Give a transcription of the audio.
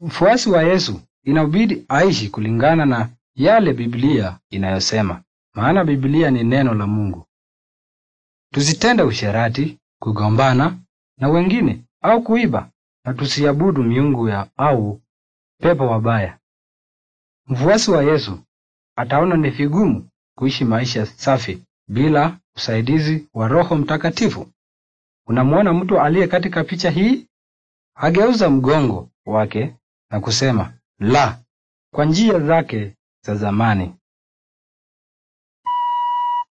Mfuasi wa Yesu inabidi aishi kulingana na yale Biblia inayosema, maana Biblia ni neno la Mungu. Tusitende usherati, kugombana na wengine au kuiba, na tusiabudu miungu ya au pepo wabaya. Mfuasi wa Yesu ataona ni vigumu kuishi maisha safi bila usaidizi wa Roho Mtakatifu. Unamwona mtu aliye katika picha hii ageuza mgongo wake na kusema la kwa njia zake za zamani.